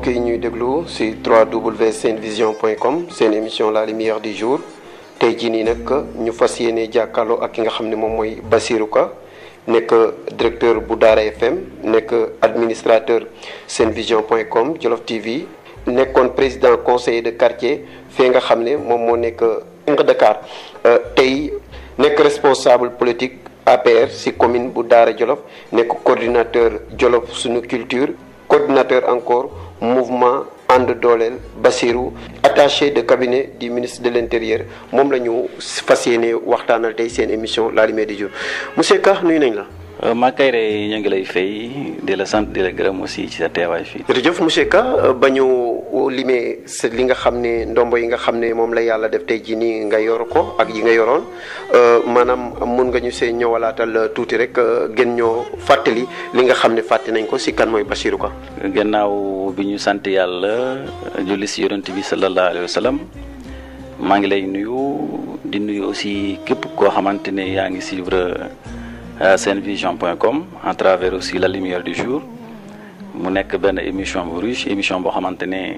mbokk yi ñuy déglu 3 c'est émission la lumière du jour tey jii nii ñu directeur bu Daara FM nekk administrateur Jolof TV président conseiller de quartier fee nga Dakar euh, responsable politique APR si commune bu Daara Jolof coordinateur Jolof culture coordinateur encore mouvement ànd Dolel Bassirou attaché de cabinet du ministre de l'intérieur mom lañu ñu waxtanal tay seen émission la lumière du jour monsieur Kah nuy nañ la. Euh, Mankayre ñu ngi lay fay di la sant di la gërëm aussi ci sa teewaay fii. jërëjëf monsieur Ka euh, ba ñu limee sa li nga xam ne ndombo yi nga xam ne moom la yàlla def tey jii nii nga yor ko ak yi nga yoroon euh, maanaam mun nga ñu see ñëwalaatal tuuti rek gën ñoo fàttali li nga xam ne fàtte nañ ko si kan mooy Bassirou Ka. gannaaw bi ñu sant yàlla julli si yonent bi sallallahu alayhi wa sallam maa ngi lay nuyu di nuyu aussi képp koo xamante ne yaa ngi suivre. senvision.com à travers aussi la lumière du jour mu nek ben émission bu riche émission bo xamante ne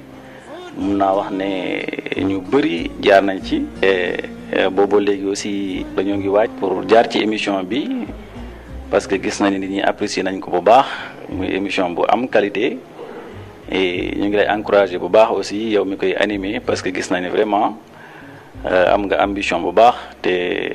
mun wax né ñu bëri jaar nañ ci. boobu légui aussi dañoo ngi waaj pour jaar ci émission bi parce que gis nañ ni ñi apprécier nañ ko bu baax muy émission bu am qualité et ñu ngi lay encourager bu baax aussi yow mi koy animer parce que gis nañ ne vraiment euh, am nga ambition bu baax té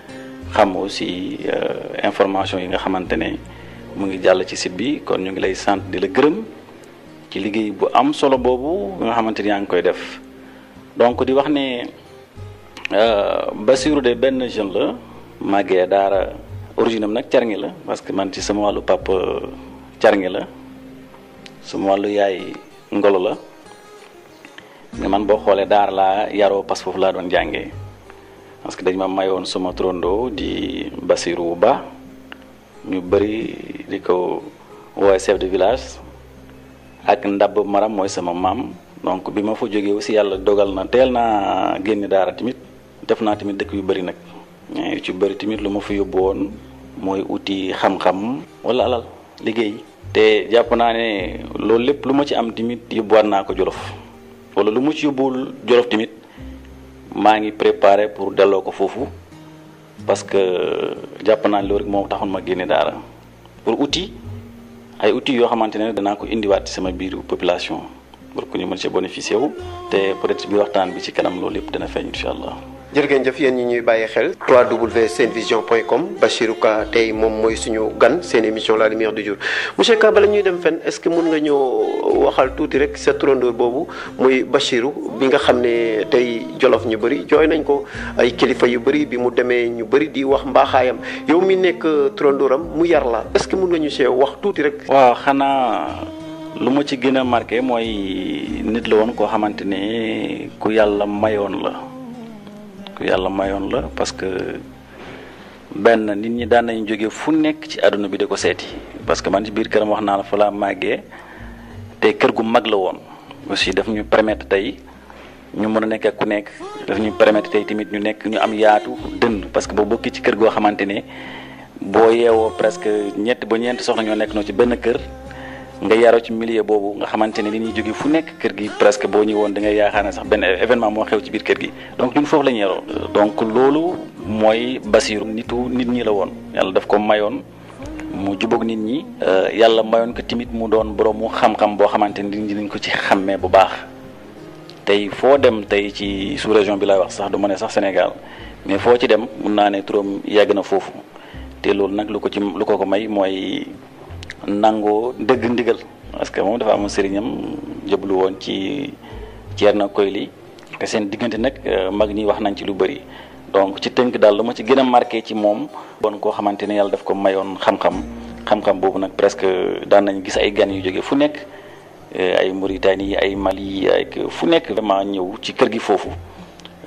xam aussi euh, information yi nga xamante ne mu ngi jàll ci site bi kon ñu ngi lay sant di la gërëm ci liggéey bu am solo boobu nga xamante ni yaa ngi koy def donc di wax ne euh, basiru de benn jeune la màggee daara origine am nag carngi la parce que man ci sama wàllu papa carngi euh, la sama wàllu yaay ngolo la mais man boo xoolee daara laa yaroo parce foofu laa doon jàngee parce que dañ ma mayoon sama trondo di basiru Ba ñu bari di ko wooye chef de village ak ndab maram mooy sama mam. donc bi ma fa jógee aussi yàlla dogal na teel naa génne daara tamit def naa tamit dëkk yu bari nag yu ci bari tamit lu fa yóbbu woon mooy uti xam-xam wala alal liggéey te jàpp naa ne loolu lépp lu ma ci am tamit yóbbuwaat naa ko jolof wala lu ma ci yóbbuwul jolof tamit maa ngi préparé pour delloo ko foofu parce que jàpp naa loolu moo taxoon ma génne daara pour uti ay outils yoo xamante ne danaa ko indiwaat sama biir population pour que ñu mën ci wu te peut-être bi waxtaan bi ci kanam loolu yëpp dana feeñ incha allah. jërëgeen jëf yéen ñi ñuy bàyyi xel www.senvision.com Bachirou Ka tey moom mooy suñu gan seen émission la lumière du jour monsieur Ka bala ñuy dem fenn est-ce que mën nga ñoo waxal tuuti rek sa turandoor boobu muy bi nga xam ne tey jolof ñu bëri jooy nañ ko ay kilifa yu bëri bi mu demee ñu bëri di wax mbaaxaayam yow mi nekk turandooram mu yar la est-ce que mën nga ñu see wax tuuti rek. waaw xanaa lu ma ci gën a marqué mooy nit la woon koo xamante ku yàlla mayoon la. ku yàlla mayoon la parce que benn nit ñi daan nañu jóge fu nekk ci àdduna bi di ko seeti parce que man ci biir këram wax naa la fa laa màggee te kër gu mag la woon aussi daf ñu permettre tey ñu mën a nekk ku nekk daf ñu permettre tey tamit ñu nekk ñu am yaatu dënd parce que boo bokki ci kër goo xamante ne boo yeewoo presque ñett ba ñeent soxna ñoo nekk noo ci benn kër nga yaro ci milieu bobu nga xamante li ni ñi fu nek kër gi presque bo ñu won da ngay yaakaana sax ben événement mo xew ci biir kër gi donc ñun fofu la ñëro donc lolu moy basiru nitu nit ñi la won yalla daf ko mayon mu jubog nit ñi euh, yalla mayon ko timit mu doon mu xam-xam bo xamante li nit ñi ko ci xamé bu baax tay fo dem tay ci sous région bi lay wax sax du ma sax sénégal mais fo ci dem mu yegg na fofu té lolu nak lu ko ci lu ko ko may moy nangoo dëgg ndigal parce que moom dafa am sëriñam jëblu woon ci Ceerno Koyli te seen diggante nag euh, mag ñi wax nañ ci lu bëri donc ci tënk daal lu ma ci gën a marqué ci moom bon koo xamante ne yàlla daf ko mayoon xam-xam boobu nag presque daan nañ gis ay gan yu jóge fu nekk euh, ay Mauritanie ay Mali ay fu nekk vraiment ñëw ci kër gi foofu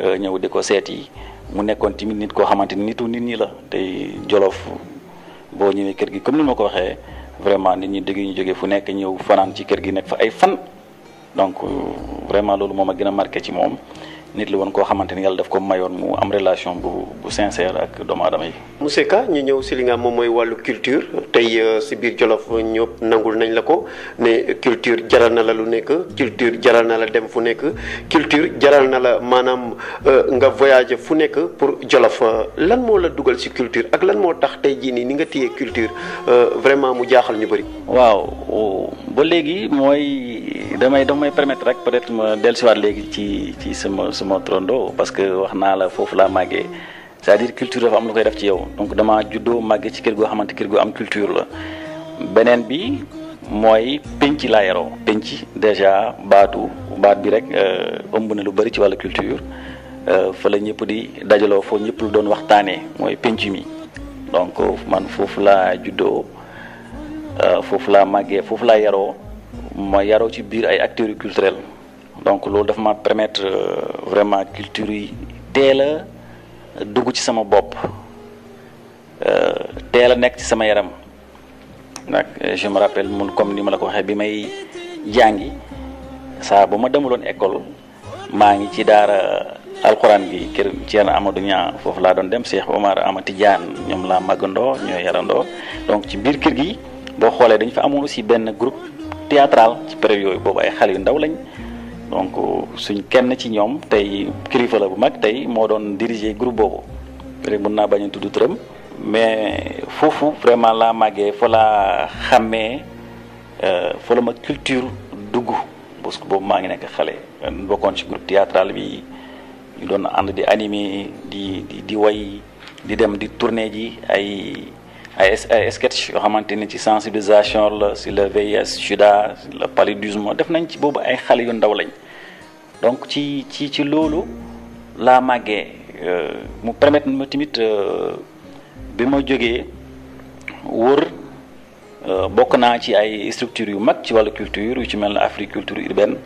euh, ñëw di ko seet yi mu nekkoon tamit nit koo xamante ni nitu nit ñi la tey Jolof boo ñëwee kër gi comme ni ma ko waxee vraiment nit ñi dégg ñu jógee fu nekk ñëw fanaan ci kër gi nekk fa ay fan donc euh, vraiment loolu moom a gën a marqué ci moom nit la woon koo xamante ni yàlla def ko mayoon mu am relation bu bu ak doomu yi. monsieur Ka ñu ñëw si li nga xam moom mooy wàllu culture tey euh, si biir Jolof ñëpp nangul nañ la ko ne culture jaral na la lu nekk culture jaral na la dem fu nekk culture jaral na la maanaam euh, nga voyager fu nekk pour Jolof lan moo la dugal si culture ak lan moo tax tey jii nii ni nga téye culture euh, vraiment mu jaaxal ñu bëri. waaw ba léegi mooy damay damay permettre rek peut-être ma dellusiwaat léegi ci ci sama. parce que la foofu laa c'est-à-dire culture dafa am lu ci yow donc dama juddoo màggee ci kër goo xamante am culture la beneen bi mooy penc laa déjà baatu baat bi rek euh, ëmb na lu bëri ci culture euh, fa la ñëpp di dajaloo lu doon donc man foofu laa juddoo euh, foofu laa màggee ma ci acteurs culturels donc loolu dafa ma permettre euh, vraiment culture yi teel a dugg ci sama bopp euh, teel a nekk ci sama yaram nag euh, je me rappelle mun comme ni ma la ko waxee bi may jàngi saa bu ma demuloon école maa ngi ci daara alquran bi kër Thierno Amadou Niang foofu laa doon dem Cheikh Omar Amati Diane ñoom laa màggandoo ñoo yarandoo donc ci biir kër gi boo xoolee dañ fa amoon aussi benn groupe théâtral ci période yooyu boobu ay xale yu ndaw lañ donc suñ kenn ci ñoom tey kilifa la bu mag tey moo doon diriger groupe boobu léegi naa bañ a tudd turam mais foofu vraiment la maggee fa laa xàmmee euh, fa la ma culture dugg parce que boobu maa ngi nekk xale bokkoon ci groupe théâtral bi ñu doon ànd di animer di di di way di dem di tourner ji ay ay ay sketch yoo xamante ni ci sensibilisation la si le VIH sida le paludisme def nañ ci boobu ay xale yu ndaw lañ donc ci ci ci loolu laa màggee euh, mu permettre ma tamit euh, bi ma jógee wër euh, bokk naa ci ay structures yu mag ci wàllu culture yu ci mel ne Africulture urbaine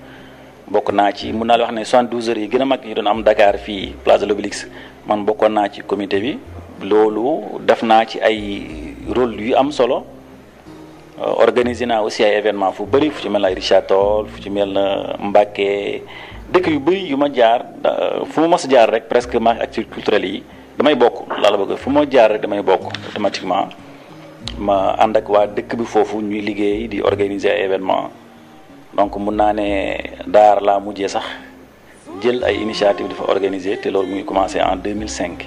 bokk naa ci mun naa la wax ne 72 heures yi gën a mag ñu doon am dakaar fii place de l'Obélisque man bokkoon naa ci comité bi loolu def naa ci ay rôle yu am solo organiser naa aussi ay événement fu bëri fu ci mel na Richard fu ci mel na dëkk yu bëri yu ma jaar fu ma mos jaar rek presque ma ngi activité yi damay bokk laa la bëgg fu ma jaar rek damay bokk automatiquement ma ànd ak waa dëkk bi foofu ñuy liggéey di organiser événement donc mun naa ne daar laa mujjee sax jël ay initiative dafa organiser te loolu muy ngi commencé en 2005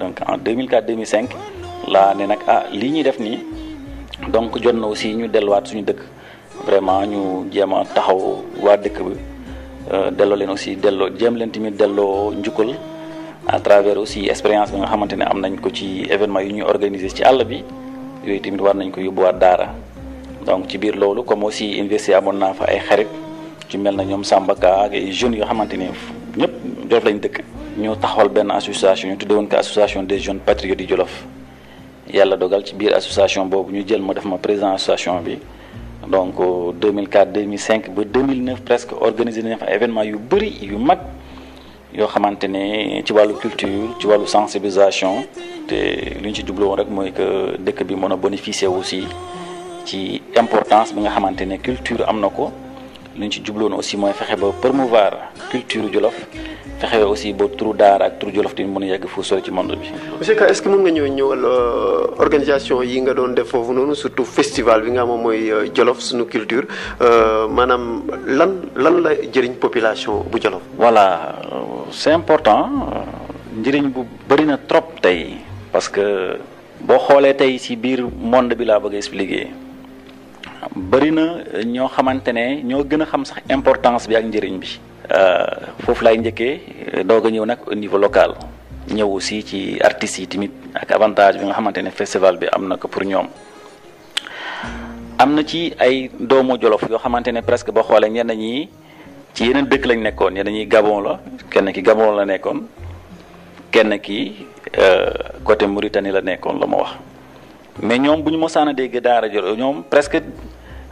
donc en 2004 2005 laa ne nag ah lii ñuy def nii donc jot na aussi ñu delluwaat suñu dëkk vraiment ñu jéem a taxaw waa dëkk bi Euh, delloo leen aussi delloo jéem leen tamit delloo njukkal à travers aussi expérience bi nga xamante ne am nañ ko ci événement yu ñuy organiser ci àll bi yooyu tamit war nañ ko yóbbuwaat daara donc ci biir loolu comme aussi université amoon naa fa ay xarit ci mel na ñoom Samba Ka ay jeunes yoo xamante ne ñëpp Jolof lañ dëkk. ñoo taxawal benn association ñu tuddee woon ko association des jeunes patriotes di Jolof yàlla dogal ci biir association boobu ñu jël ma def ma président bi. donc 2004 euh, 2005 ba 2009 presque organisé nañ événement yu est yu mag yoo xamante ne ci wàllu culture ci wàllu sensibilisation te li ci jublu rek mooy que dëkk bi mën a bénéficier aussi ci importance de nga culture luñ ci jubloon aussi mooy fexe ba promouvoir culture jolof fexe aussi ba turu daara ak turu jolof dina mën a yegg fu sori ci monde bi monsieur ka est ce que mën nga ñëw ñëwal euh, organisation yi nga doon def foofu noonu surtout festival bi nga moom mooy euh, jolof suñu culture euh, maanaam lan lan la jëriñ population bu jolof voilà c'est important njëriñ bu bëri na trop tey parce que boo xoolee tey si biir monde bi laa bëgg expliquer bari na ñoo xamante ne ñoo gën a xam sax importance bi ak njëriñ bi euh, foofu lay njëkkee euh, doog a ñëw nag au niveau local ñëw aussi ci artistes yi tamit ak avantage bi nga xamante ne festival bi am na ko pour ñoom am na ci ay doomu jolof yoo xamante ne presque ba xoolee ñenn ñi ci yeneen dëkk lañ nekkoon ñenn ñi gabon la kenn ki gabon la nekkoon kenn ki euh, côté mauritanie la nekkoon la wax mais ñoom bu ñu mosaan a dégg daara jo ñoom presque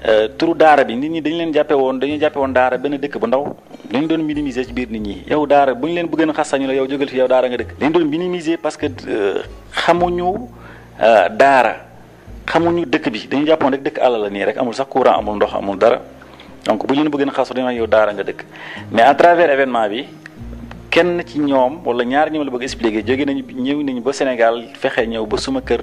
euh, turu daara bi nit ñi dañu leen jàppe woon dañu jàppe woon daara benn dëkk bu ndaw dañu doon minimiser ci biir nit ñi yow daara bu ñu leen bëggeen xas sañu la yow jógal fi yow daara nga dëkk dañu doon minimiser parce que euh, xamuñu euh, daara xamuñu dëkk bi dañu jàppoon rek dëkk àll nii rek amul sax courant amul ndox amul dara donc bu ñu leen bëggeen xasu dañu yow daara nga dëkk mais à travers événement bi kenn ci ñoom wala ñaar ñoom la bëgg expliquer jóge nañu ñëw nañu ba Sénégal fexe ñëw ba suma kër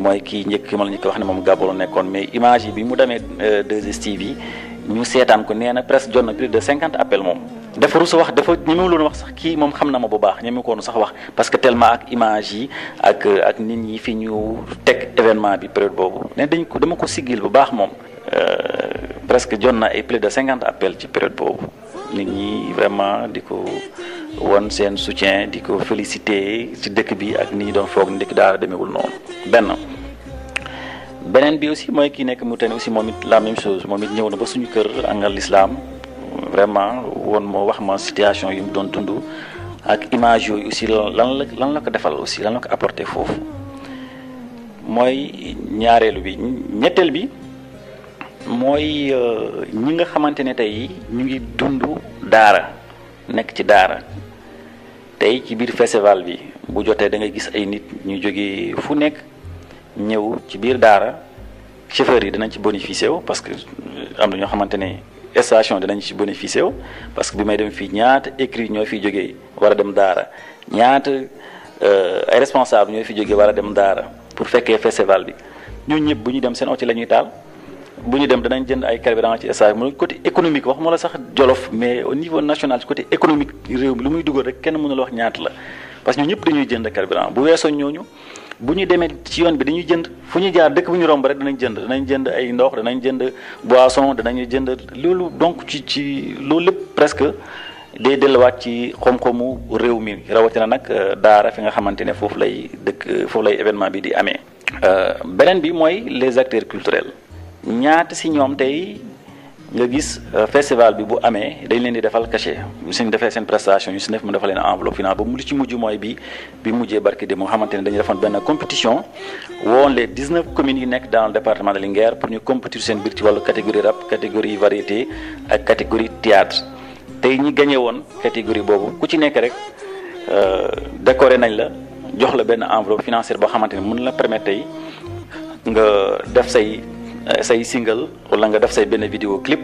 mooy kii njëkk ma la ko wax ne moom Gabon la nekkoon mais image yi bi mu demee 2STV euh, yi ñu seetaan ko nee na presque jot na plus de cinquante moom. dafa rus wax dafa ñemewu loon wax sax kii moom xam na ma bu baax ñemewu ko woon sax wax parce que tellement image yi ak euh, ak nit ñi fi ñu teg événement bi période boobu ne dañ ko dama ko siggil bu baax moom. Euh, presque jot na ay plus de cinquante appel ci période boobu nit ñi vraiment di ko. won seen soutien di ko félicité ci dëkk bi ak ni ñu doon foog ndekki daara demewul noonu benn beneen bi aussi mooy kii nekk mu tane aussi moom it la même chose moom it ñëw na ba suñu kër nga lislaam vraiment woon moo wax ma situation yi mu doon dund ak image yooyu aussi lan la lan la ko defal aussi lan la ko apporté foofu mooy ñaareelu bi ñetteel bi mooy euh, ñi nga xamante ne tey ñu ngi dund daara nekk ci daara tey ci biir festival bi bu jotee da ngay gis ay nit ñu jóge fu nekk ñëw ci biir daara chauffeur yi dinañ ci bénéficier wu parce que euh, am na ñoo xamante ne station dinañ ci bénéficier wu parce que bi may dem fii ñaata écrit ñoo fi jógee war a dem daara ñaata euh, ay responsable ñooy fi jógee war a dem daara pour fekkee festival bi ñun ñëpp bu ñu dem seen oto la ñuy taal. bu ñu dem danañ jënd ay carburant ci essage mu côté économique waxuma la sax jolof mais au niveau national ci côté économique réew mi lu muy dugal rek kenn mënul wax ñaata la parce que ñu dañuy jënd carburant bu weesoo ñooñu bu ñu demee ci yoon bi dañuy jënd fu ñu jaar dëkk bu ñu romb rek danañ jënd danañ jënd ay ndox danañ jënd boisson danañ jënd loolu donc ci ci loolu lépp presque day delluwaat ci xom-xomu réew mi rawatina nag euh, daara fi nga xamante ne foofu lay dëkk foofu lay événement bi di amee. Euh, beneen bi mooy les acteurs culturels. ñaata si ñoom tey nga gis euh, festival bi bu amee dañ leen di defal cachet mu seen defee seen prestation ñu si def mu defal leen enveloppe finale ba mu li ci mujj mooy bi bi mujjee barki di mu xamante ne dañu defoon benn compétition woon les 19 communes yi nekk dans le département de Linguère pour ñu compétir seen biir ci wàllu catégorie rap catégorie variété ak catégorie théâtre tey ñi gagné woon catégorie boobu ku ci nekk rek euh, décoré nañ la jox la benn enveloppe financière boo xamante ne mën la permettre tey def say. Euh, say single wala nga def say benn vidéo clip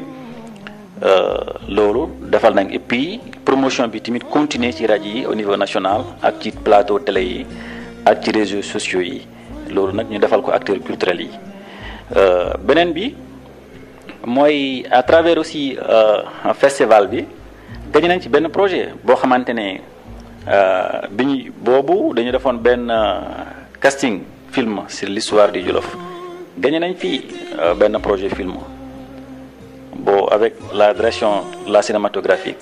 euh, loolu defal nañ et puis promotion bi tamit continuer ci rajo yi au niveau national ak ci plateau télé yi ak ci réseaux sociaux yi loolu nag ñu defal ko acteur culturel yi euh, beneen bi mooy à travers aussi festival bi gañu nañ ci benn projet boo xamante ne bi ñu boobu dañu defoon benn casting film sur l'histoire du Jolof gagné nañ fi euh, benn projet film bon avec la direction la cinématographique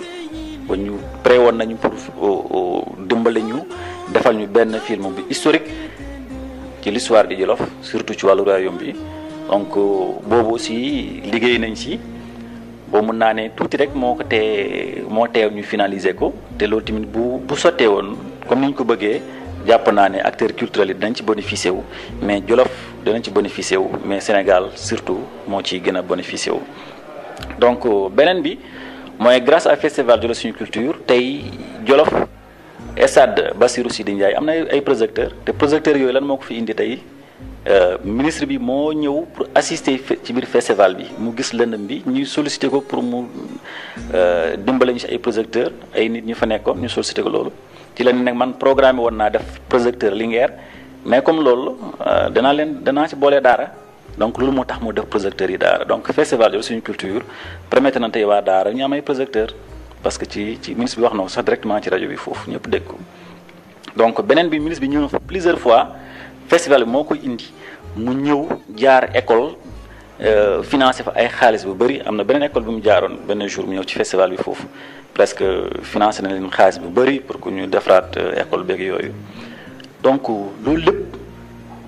bo ñu préwon woon nañu pour dimbali ñu defal ñu benn film bi historique ci l'histoire di Jolof surtout ci wàllu royaume bi donc euh, boobu aussi liggéey nañ si bo mun naa ne tuuti rek moo ko tee moo teew ñu finaliser ko te loolu tamit bu bu sottee woon comme niñ ko bëggee jàpp naa ne acteurs culturels yi dinañ ci bénéficier wu mais Jolof dinañ ci bénéficier wu mais Sénégal surtout moo ciy gën a bénéficier wu. donc euh, beneen bi mooy grâce à festival Jolof suñu culture tey Jolof stade Bassirou Sidi Ndiaye am na ay projecteurs te projecteurs yooyu lan moo ko fi indi tey. Euh, ministre bi moo ñëw pour assister ci biir festival bi mu gis lëndëm bi ñuy sollicité ko pour mu euh, dimbale ñu si ay projecteur ay nit ñu fa nekkoon ñu sollicité ko loolu ci la ni nag man programme woon naa def projecteur Linguère mais comme loolu euh, danaa leen danaa ci boole daara donc loolu moo tax mu def projecteur yi daara donc festival yooyu suñu culture permettre na tey waa daara ñu am projecteur parce que ci ministre bi wax na sax directement ci rajo bi foofu ñëpp dégg ko donc beneen bi ministre bi ñëw na plusieurs fois festival bi moo koy indi mu ñëw jaar école Euh, financé fa ay xaalis bu bëri am na beneen école bu mu jaaroon benn jour mu ñëw ci festival bi foofu presque financé na leen xaalis bu bëri pour que ñu defaraat euh, école beeg yooyu donc loolu lépp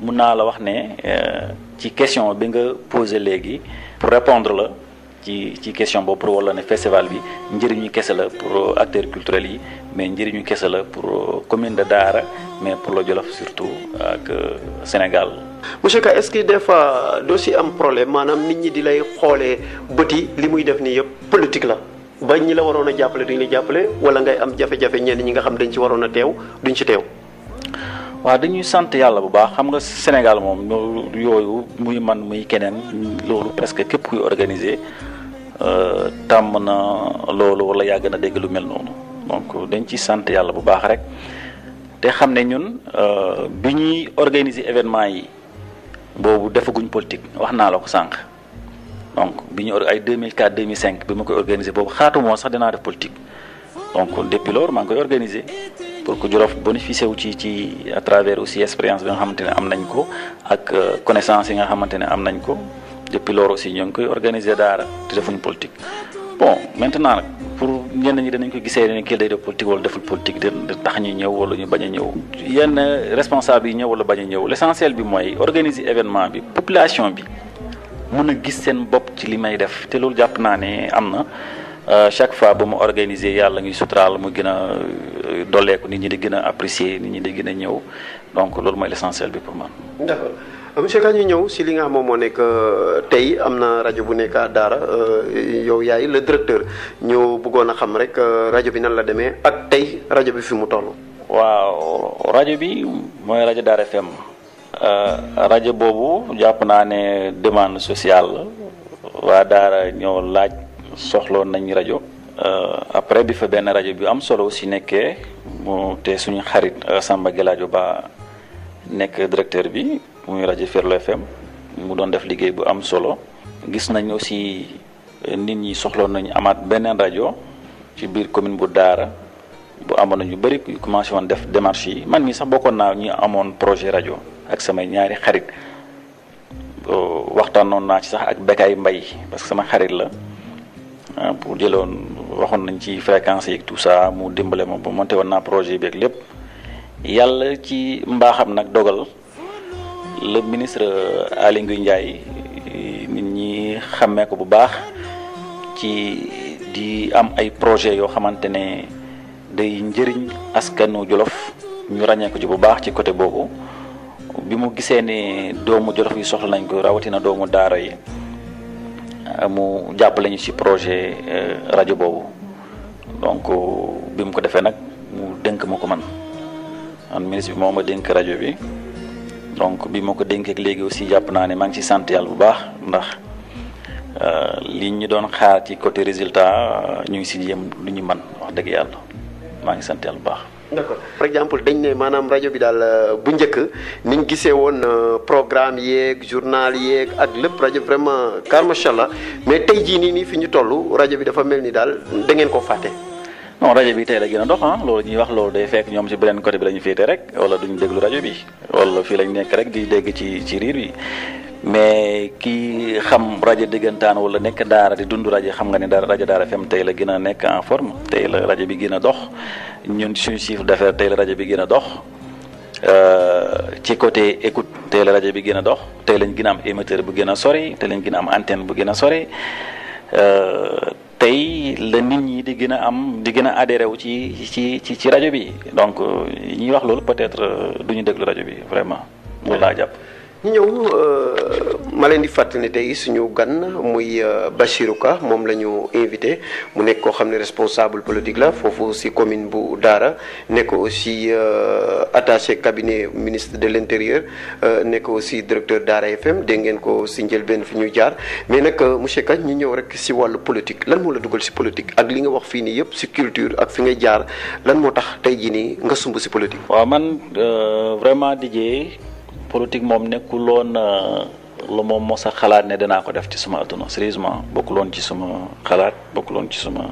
mun naa la wax ne euh, ci question bi nga posé léegi pour répondre la ci ci question boobu pour wala ne festival bi njëriñu kese la pour acteur culturel, yi mais njëriñu kese la pour commune de Daara mais pour la Jolof surtout ak Sénégal monsieur Ka est-ce que des fois doo si am problème maanaam nit ñi di lay xoolee bëti li muy def nii yëpp politique la ba ñi la waroon a jàppale duñ la jàppale wala ngay am jafe-jafe ñenn ñi nga xam dañ ci waroon a teew duñ ci teew. waaw dañuy sant yàlla bu baax xam nga Sénégal moom yooyu muy man muy keneen loolu presque képp kuy organiser euh, tàmm na loolu wala yàgg na dégg lu mel noonu donc dañ ci sant yàlla bu baax rek te xam ne ñun euh, bi ñuy organiser événement yi. boobu defaguñ politique wax naa la ko sànq donc bi ñu ay 2004 2005 bi ma koy organiser boobu xaatu moo sax dinaa def politique donc depuis loolu maa ngi koy organiser pour que Jolof bénéficier wu ci ci à aussi expérience bi nga xamante ne am nañ ko ak euh, connaissance yi nga xamante ne am nañ ko depuis loolu aussi ñoo ngi koy organiser daara te defuñ politique. bon maintenant nag pour ñenn ñi danañ ko gisee ne kii day def politique wala deful politique de tax ñu ñëw wala ñu bañ a ñëw yenn responsable yi ñëw wala bañ a ñëw l' essentiel bi mooy organiser événement bi population bi mën a gis seen bopp ci li may def te loolu jàpp naa ne am na. Euh, chaque fois ba mu organiser yàlla ngi suturaal mu gën a euh, dolleeku nit ñi di gën a apprécier nit ñi di gën a ñëw donc loolu mooy l'essentiel bi pour man. monsieur Ka ñu ñëw si li nga xam moom moo nekk euh, tey am na rajo bu nekk à Daara euh, yow yaay la directeur ñu buggoon a xam rek euh, rajo bi nan la demee ak tey rajo bi fi mu toll. waaw rajo bi mooy rajo Daara FM rajo boobu jàpp naa ne demande sociale waa Daara ñoo laaj soxloon nañ rajo. après bi fa benn rajo bi am solo si nekkee mu te suñu xarit Samba Gelaajo Ba. nekk directeur bi muy rajo Ferlo FM mu doon def liggéey bu am solo gis nañ aussi eh, nit ñi soxloon nañu amaat beneen rajo ci biir commune bu Daara bu amoon nañu bëri yu commencé woon def démarche yi man mii sax bokkoon naa ñu amoon projet rajo ak samay ñaari xarit waxtaan noon naa ci sax ak Bekay Mbay parce que sama xarit la ah, pour jëlee jëloon waxoon nañ ci fréquence yi tout ça mu dimbale ma ba monté woon naa projet bi ak lépp. yàlla ci mbaaxam nag dogal le ministre Aly Ngouille Ndiaye ñi xàmmee ko bu baax ci di am ay projet yoo xamante ne day njëriñ askanu Jolof ñu ràññeeku ci bu baax ci côté boobu bi mu gisee ni doomu Jolof yi soxla nañ ko rawatina doomu daara yi mu jàppale ñu ci projet euh, rajo boobu donc euh, bi mu ko defee nag mu dënk ma ko man an ministre bi moo ma dénk rajo bi donc bi ma ko dénkeek léegi aussi jàpp naa ne maa ngi ci sant yàlla bu baax ndax euh, li ñu doon xaar ci côté résultat euh, ñu ngi si yem lu ñu man wax dëgg yàlla maa ngi sant yàlla bu baax d'accord par exemple dañ ne maanaam rajo bi daal euh, bu njëkk niñ gisee woon programme yeeg journal yeeg ak lépp rajo vraiment car macha allah mais tey jii nii nii fi ñu toll rajo bi dafa mel ni daal da ngeen ko fàtte non rajo bi tay la gëna dox ah loolu ñuy wax loolu day fekk ñom ci benen côté bi lañu fété rek wala duñu déglu rajo bi wala fi lañ nekk rek di dégg ci ci riir bi mais ki xam rajo digëntaan wala nekk daara di dund rajo xam nga ni dara rajo daara fem tay la gëna nekk en forme tay la rajo bi gëna dox ñun ci suñu chiffre d'affaires tay la rajo bi gëna dox euh ci côté écoute tay la rajo bi gëna dox tay lañ gëna am émetteur bu gëna sori tay lañ gëna am antenne bu gëna sori euh tey la nit ñi di gëna am di gëna a adhéré wu ci ci ci ci rajo bi donc euh, ñi wax loolu peut-être euh, duñu déglu rajo bi vraiment loolu laa jàpp ñëw euh, ma leen di fàttali tey suñu gan muy euh, Bachirou Ka moom la ñu invité mu nekk koo xam ne responsable politique la foofu si commune bu Daara nekk aussi euh, attaché cabinet ministre de l' intérieur nekk aussi directeur Daara FM dégg ngeen ko si njëlbeen fi ñu jaar mais nag monsieur Ka ñu ñëw rek si wàllu politique lan moo la dugal si politique ak li nga wax fii nii yëpp si culture ak fi ngay jaar lan moo tax tey jii nga sumb si politique. waaw man vraiment Didier politique moom nekkuloon euh, lu moom mos a xalaat ne danaa ko def ci suma adduna sérieusement bokkuloon ci suma xalaat bokkuloon ci suma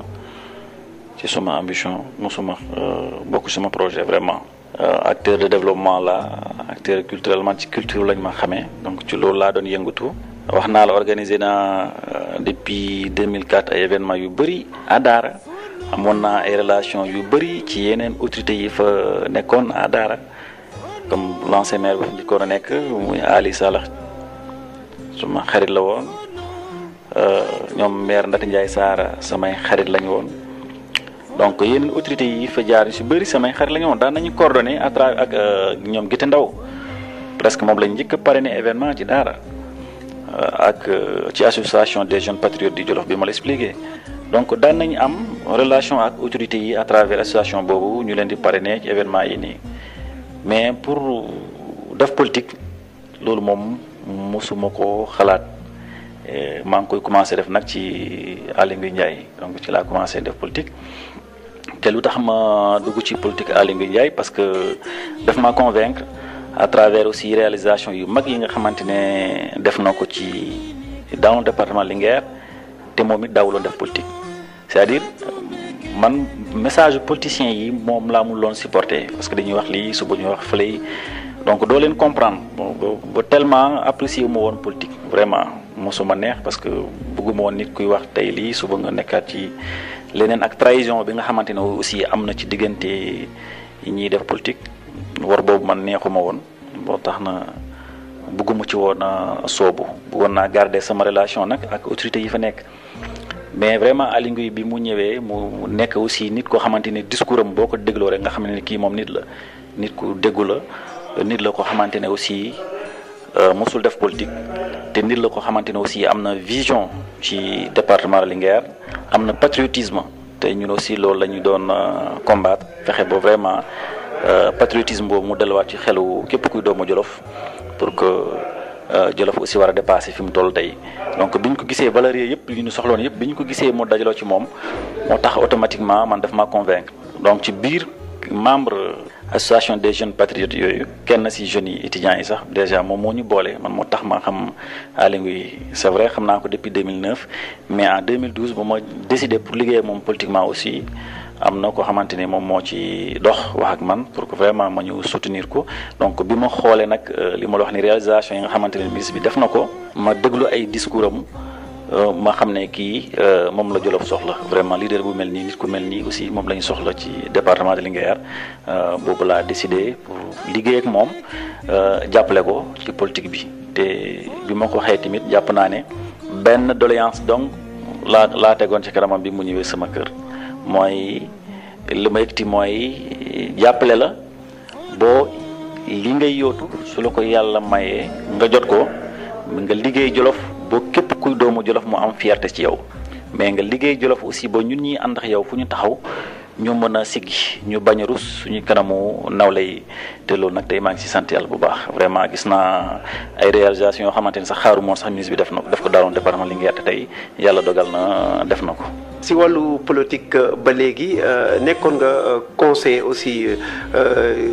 ci suma ambition musuma euh, bokk suma projet vraiment. Euh, acteur de développement la acteur culturellement ci culture lañ ma xamee donc ci loolu laa doon yëngatu. wax naa la organiser naa depuis 2004 ay événements yu bëri à Daara amoon naa ay relation yu bëri ci yeneen autorités yi fa nekkoon à Daara. comme l'ancien maire bu njëkkoon a nekk muy Ali Salah suma xarit la woon euh, ñoom maire Ndati Ndiaye sara samay xarit lañu woon donc yenn autorités yi fa jaar si bëri samay xarit lañu woon daan nañu coordonné à travers ak euh, ñoom Gite Ndaw presque moom lañ njëkk a parrainé événement ci daara euh, ak ci association des jeunes patriotes du Jolof bi ma la expliqué donc daan nañ am relation ak autorités yi à travers association bobu ñu leen di parrainé ci événement yi nii mais pour def politique loolu moom mosuma ko xalaat eh, maa ngi koy commencé def nag ci Aly Ngouille Ndiaye donc ci la commencé def politique te lu tax ma dugg ci politique Aly Ngouille Ndiaye parce que def ma convaincre à travers aussi réalisation yu mag yi nga xamante ne def na ko ci dans le département Linguère te moom it daawuloon def politique c'est-à-dire man message politicien yi moom laa mun loon supporter parce que dañuy wax lii suba ñuy wax fële donc doo leen comprendre ba tellement apprécié wu ma woon politique vraiment mosuma neex parce que bëgguma woon nit kuy wax tey lii suba nga nekkaat ci leneen ak trahison bi nga xamante ne aussi am na ci diggante yi def politique war boobu man neexuma woon boo tax na bëgguma ci woon a soobu bëggoon naa garder sama relation nag ak autorité yi fa nekk mais vraiment Aly Ngouille bi mu ñëwee mu nekk aussi nit koo xamante ni discours am boo ko dégloo rek nga xam ne kii moom nit la nit ku déggu la nit la ko xamante ne aussi euh, mosul def politique te nit la ko xamante ne aussi am na vision ci département de Linguère am na patriotisme te ñun aussi loolu la ñu doon euh, combattre fexe ba vraiment euh, patriotisme boobu mu delluwaat ci xelu képp kuy doomu Jolof pour que Euh, Jolof aussi war a dépassé fi mu toll tey donc bi ñu ko gisee valeurs yëpp li ñu soxloon yëpp bi ñu ko gisee moo dajaloo ci moom moo tax automatiquement man daf maa convaincre donc ci biir membre euh, association des jeunes patriotes yooyu kenn si jeunes yi étudiants yi sax déjà moom moo ñu boole man moo tax ma xam Aly Ngouille c'est vrai xam naa ko depuis 2009 mais en 2012 ba ma décidé pour liggéey moom politiquement aussi am na ko xamante ni moom moo ci dox wax ak man pour que vraiment ma ñu soutenir ko donc bi ma xoole nag euh, li ma la wax ni réalisation yi nga xamante ne ministre bi def na ko ma déglu ay discours am euh, ma xam ne kii euh, moom la Jolof soxla vraiment leader bu mel nii nit ku mel nii aussi moom la ñu soxla ci département de Linguère boobu laa décidé pour liggéey ak moom jàppale ko ci politique bi te bi ma ko waxee tamit jàpp naa ne benn doléance donc laa laa tegoon ci kanamam bi mu ñëwee sama kër. mooy li ma yëgti mooy jàppale la boo li ngay yootu su la ko yàlla mayee nga jot ko nga liggéey jolof boo képp kuy doomu jolof mu am fierte ci yow mais nga liggéey jolof aussi ba ñun ñi ànd ak yow fu ñu taxaw ñu mën a siggi ñu bañ a rus suñu kanamu nawle yi te loolu nag tey maa ngi si sant bu baax vraiment gis naa ay réalisation yoo xamante ni sax xaaru moon sax ministre bi def na ko def ko daaloon département Linguère te tey yàlla dogal na def na ko si walu politique euh, ba léegi euh, nekkoon nga euh, conseiller aussi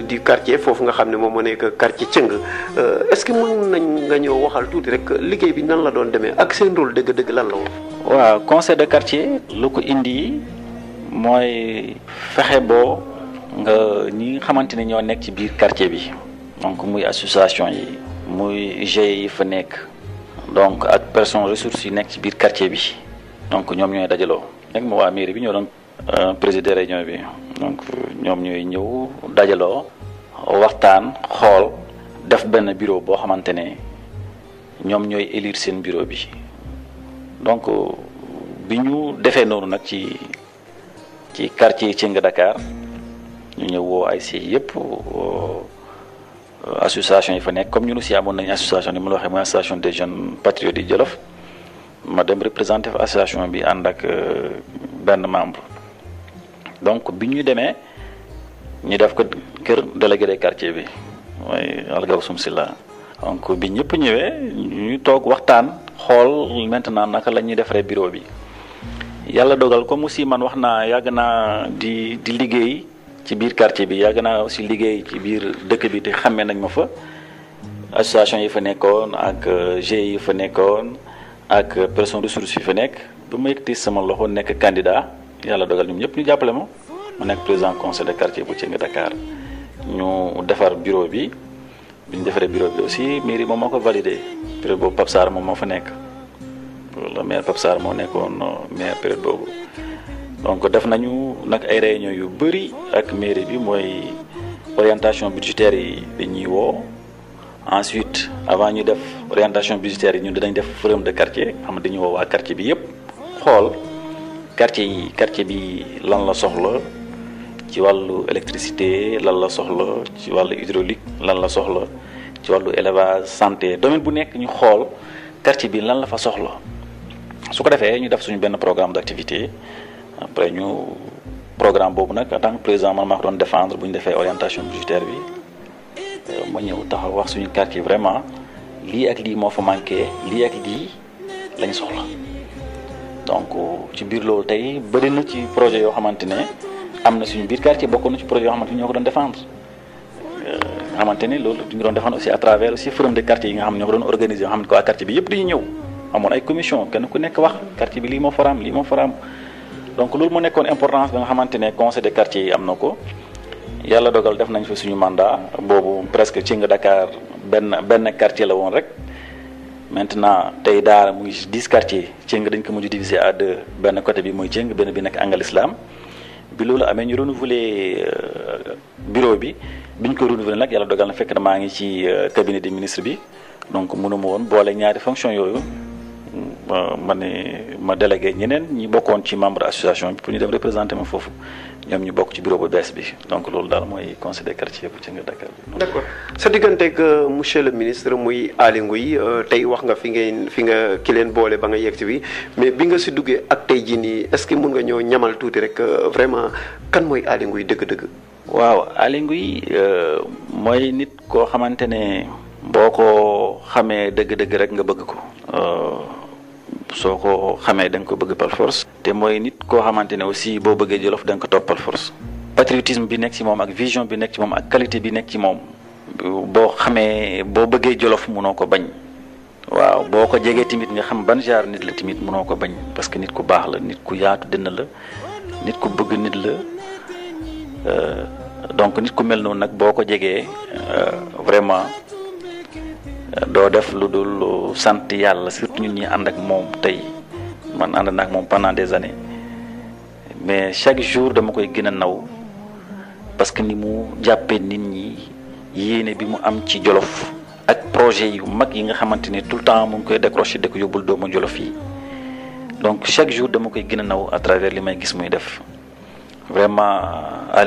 du quartier fofu nga xamné ne moom quartier Cëng est-ce que mën nañ nga ñëw waxal tuuti rek liggéey bi nan la doon démé ak seen rôle deug deug lan la woon. Wa conseil de quartier lu ko indi mooy fexe bo nga ñi nga xamante ne ñoo nekk ci biir quartier bi donc muy association yi muy GIE fa nekk donc ak personne ressource yi nekk ci biir quartier bi. donc ñoom ñooy dajaloo nekk ma waa mairie bi ñoo doon euh, présider réunion bi donc ñoom ñooy ñëw dajaloo waxtaan xool def benn bureau boo xamante ne ñoom ñooy élire seen bureau bi donc euh, bi ñu defee noonu nag ci ci quartier yi ci nga Dakar ñu ñëwoo woo ay si yëpp euh, association yi fa nekk comme ñun aussi amoon nañu association ni mu la waxee mooy association des jeunes patriotes yi Jolof ma dem représenté fa association bi ànd ak euh, benn membre donc bi ñuy demee ñu def ko kër délégué de quartier bi mooy algaw sum donc bi ñëpp ñëwee ñu toog waxtaan xool maintenant naka la ñuy defaree bureau bi yàlla dogal comme aussi man wax naa yàgg naa di di liggéey ci biir quartier bi yàgg naa aussi liggéey ci biir dëkk bi te xàmmee nañ ma fa association yi fa nekkoon ak euh, g yi fa nekkoon ak personne ressource yi fa nekk ba ma yëkkati sama loxo nekk candidat yàlla dogal ñoom ñëpp ñu jàppale ma ma nekk président conseil de quartier bu Thieng Dakar ñu defar bureau bi bi ñu defaree bureau bi aussi mairie moom moo ko validé période boobu Pape moom moo fa nekk wala maire Pape Sarr moo nekkoon euh, maire période boobu donc def nañu nag ay réunion yu bëri ak mairie bi mooy orientation budgétaire yi dañuy woo ensuite avant ñu orientation budgétaire nous avons def forum de quartier xam dañu quartier bi quartier quartier bi lan la ci électricité lan la la santé domaine bu nekk ñu quartier bi lan la fa programme d'activité après ñu programme en tant que président défendre orientation budgétaire euh, ma ñëw taxaw wax suñu quartier vraiment lii ak lii moo fa manqué lii ak lii lañ soxla donc euh, ci biir loolu tey bëri na ci projet yoo xamante ne am na suñu biir quartier bokkoon na ci projet yoo xamante ne ñoo ko doon défendre. nga euh, xamante ne loolu ñu doon défendre aussi à travers aussi forum de quartier yi nga xam ne ñoo ko doon organiser yoo xam ne ko quartier bi yëpp dañuy ñëw amoon ay commission kenn ku nekk wax quartier bi lii moo faram lii moo faram donc loolu moo nekkoon importance ba nga xamante ne conseil des quartiers yi am na ko. yàlla dogal def nañ fi suñu mandat boobu presque ci nga Dakar benn benn quartier la woon rek maintenant tey daara mu ngi dix quartiers ci nga dañ ko mujj diviser à benn côté bi mooy Cëng benn bi nekk Angle Islam bi loolu amee ñu renouveler euh, bureau bi bi ñu ko renouveler nag yàlla dogal na fekk na maa ngi ci euh, cabinet du ministre bi donc mënuma woon boole ñaari fonction yooyu ma ne ma délégué ñeneen ñi bokkoon ci membre association bi pour ñu dem représenter ma foofu ñoom ñu bokk ci bureau bu bees bi donc loolu daal mooy conseil des quartiers bu ci nga Dakar bi. d' accord sa digganteeg euh, monsieur le ministre muy Aly Ngouille euh, tey wax nga fi ngay fi nga ki leen boole ba nga yegg si bi mais bi nga si duggee ak tey jii nii est ce que mun nga ñëw ñamal tuuti rek euh, vraiment kan mooy Aly Ngouille dëgg-dëgg. waaw Aly Ngouille mooy nit koo xamante ne boo ko xamee dëgg-dëgg rek nga bëgg ko. soko ko xamee ko bëgg par force té moy nit ko xamantene aussi bo bëggee jëlof ko topp force patriotisme bi nek ci mom ak vision bi nek ci mom ak qualité bi nek ci mom bo xamé bo bëggee jëlof mëno ko bañ waaw boko jégé timit nga xam ban jaar nit la timit mëno ko bañ parce que nit ku baax la nit ku yaatu den la nit ku bëgg nit la euh, donc nit ku mel non nak boko ko euh vraiment doo def lu dul sant yàlla surtout ñun ñi ak man pendant des années mais chaque jour dama koy a naw parce que ni mu jàppee nit ñi yéene bi mu am ci jolof ak projet yu mag yi nga tout le temps mu ngi koy décroché di ko yóbbul jolof yi donc chaque jour dama koy à travers vraiment la